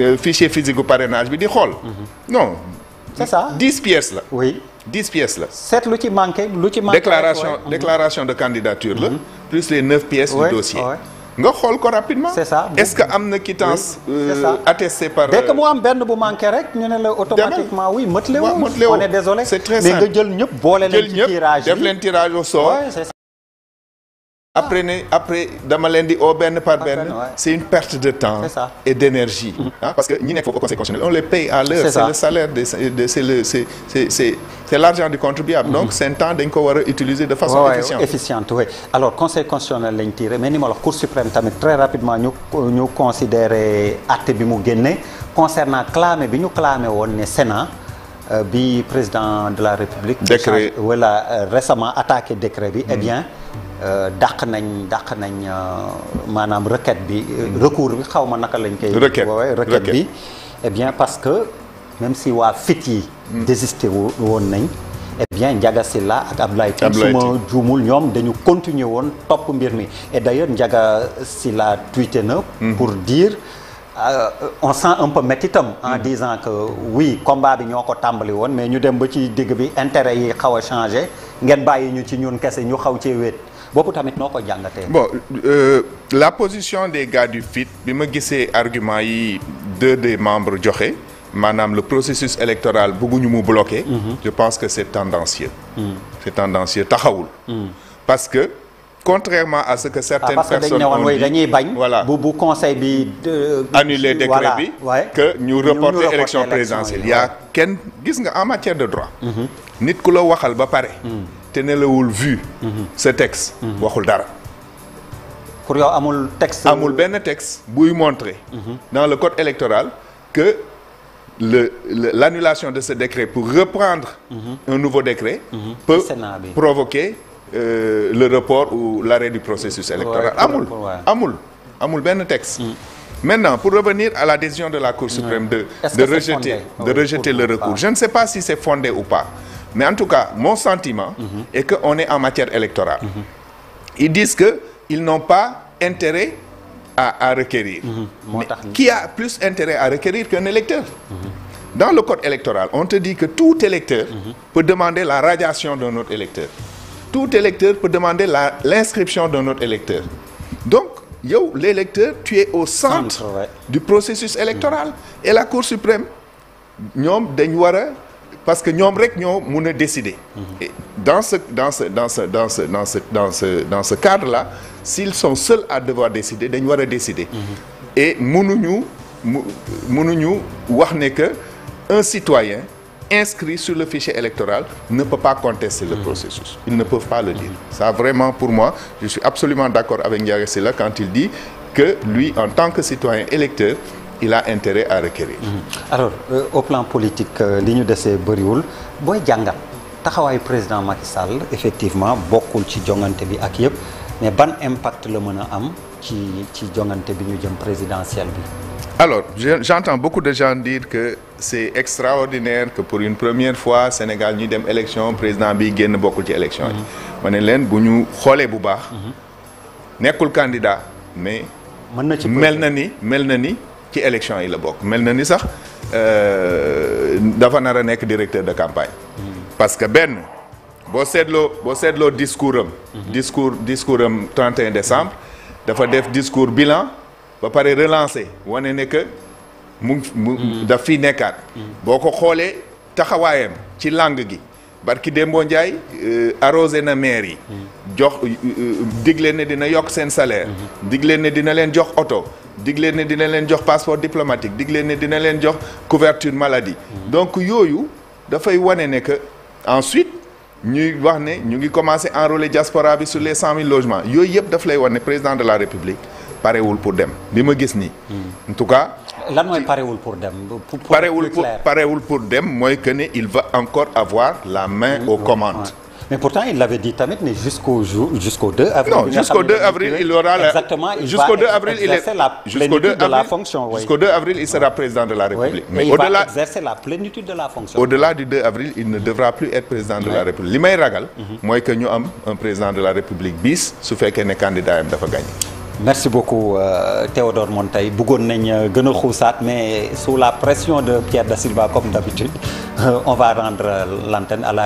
Euh, fichier physique gu parrainage bi di xool. Mhm. non. c'est ça dix pièces la. oui dix pièces la. seet lu ci manque lu ci manqué. déclaration ouais. Mhm. de candidature la. Mhm. plus les neuf pièces ouais, du dossier. nga xool ko rapidement. c'est ça est-ce que am na quittance. c'est euh, ça par. dès que euh, am benn bu manqué rek ñu ne la automatiquement. oui mëtle wu on est désolé. c'est très simple mais nga jël ñëpp boole leen ci tirage après ne après dama leen di oo benn par benn c'est une perte de temps et d'énergie ah parce que ñi ne foofu au conseil constitutionnel on les paye à l'heure c'est le salaire de c'est le c'est c'est temps dañ ko war a utiliser de façon efficiente efficiente oui alors conseil constitutionnel lañ tiré mais ni ma la cour suprême tamit très rapidement ñu ñu considérer acte bi mu génne concernant clamé bi ñu clamé woon ne Sénat euh, bi président de la République de wala euh, récemment attaqué décret bi eh bien Euh, daq nañ daq nañ euh, maanaam requête bi euh, recours bi xaw ma naka lañ koy woowee requête bi eh bien parce que même si waa fit yi hmm. désisté woon nañ eh bien Ndiaga Sylla ak Abdoulaye Tine su ma juumul ñoom dañu continuer woon topp mbir mi et d'ailleurs si la tweeté na hmm. pour diir Euh, on sent un peu métitam en dix hmm. disant que oui combat bi ñoo ko tàmbali woon mais ñu dem ba ci digg bi intérêt yi xaw a changé ngeen bàyyi ñu ci ñun kese ñu xaw cee wéet boobu tamit noo ko jàngatee. bon euh, la position des gars du FIT bi ma gisee argument yi deux des membres joxe maanaam le processus électoral bëgguñu mu bloqué. Mhm. je pense que c'est tendancieux. Mmh. c'est tendancieux taxawul. Mmh. parce que. contrairement à ce que ah, certaines ah, personnes ont dit dañuy bañ. bu bu conseil bi. annuler décret bi voilà. que ñu reporter élection présidentielle. yaa kenn gis nga en matière de droit. Mhm. nit ku la waxal ba pare. Mhm. te nelawul vu ce mhm. texte mhm. waxul dara pour yow amul texte amul benn texte buy montrer mhm. dans le code électoral que le l'annulation de ce décret pour reprendre un nouveau décret peut provoquer euh, le report ou l'arrêt du processus électoral mm. Maintenant, pour revenir à la décision de la Cour mm. suprême de, de rejeter, de rejeter le recours, je ne sais pas si c'est fondé ou pas. mais en tout cas mon sentiment mhm. est que on est en matière électorale mhm. ils disent que ils n'ont pas intérêt à à requérir mhm. mais qui a plus intérêt à requérir qu'un électeur dans le code électoral on te dit que tout électeur peut demander la radiation d'un autre électeur tout électeur peut demander la l'inscription d'un autre électeur donc yow l'électeur tu es au centre du processus électoral et la Cour suprême ñoom dañ war a parce que ñoom rek ñoo mun a décider. Mhm. dans ce dans ce dans ce dans ce dans ce dans ce dans ce cadre là s'ils sont seuls à devoir décider dañ war a décider. Mhm. et mënuñu mu mënuñu wax ne que un citoyen inscrit sur le fichier électoral ne peut pas contester le mhm. processus. ils ne peuvent pas le dire. ça vraiment pour moi je suis absolument d'accord avec Ndiaga Sylla quand il dit que lui en tant que citoyen électeur. il a intérêt à requérir. Mhm. alors euh, au plan politique euh, li ñu desee bëriwul booy jàngat taxawaayu président Macky Sall effectivement bokkul ci jongante bi ak yëpp mais ban impact la mën a am ci ci jongante bi ñu jëm présidentielle bi. alors je j'entends beaucoup de gens dire que c'est extraordinaire que pour une première fois Sénégal ñuy dem élection président bi génn bokkul ci élection yi. Mhm. ma ne leen bu ñu xoolee bu baax. Mhm. nekkul candidat mais. mën na ci mel na ni mel na ni. ci élection yi la bokk mel na ni sax euh, dafa nar a nekk directeur de campagne. parce que benn boo seetloo boo seetloo discours am. Mhm. discours discours am 31 décembre. dafa def discours bilan ba pare relancer wane ne que mu mu mhm. daf fi nekkaat. Mhm. boo ko xoolee taxawaayam ci langue gi. barki Dembo Ndiaye euh, arrosé na maire yi. jox euh, digle ne dina yokk seen salaire. digle ne dina leen jox oto. dig leen ne dina leen jox passeport diplomatique dig leen ne dina leen jox couverture maladie. Mm. donc yooyu dafay wane ne que ensuite ñuy wax ne ñu ngi commencer enrôler diaspora bi sur les cent mille logements yooyu yëpp daf lay wane président de la république parewul pour dem bi ma gis nii. Mm. en lan mooy parewul pour dem. pour parewul pour parewul pour dem mooy que ne il va encore avoir la main mm. aux commandes. mais pourtant il l'avait dit tamit ne jusqu'au jour jusqu'au 2 avril. non jusqu'au il aura exactement il va exercer la plénitude de la fonction. jusqu'au avril il sera président de la République. mais il ne devra plus être président de la République li ragal. Mhm. mooy que ñu am un président de la République bis su fekkee ne candidat am dafa gagné. merci beaucoup euh, Théodore Monteil bëggoon nañ euh, gën a xuusaat mais sous la pression de Pierre Da Silva comme d'habitude on va rendre l'antenne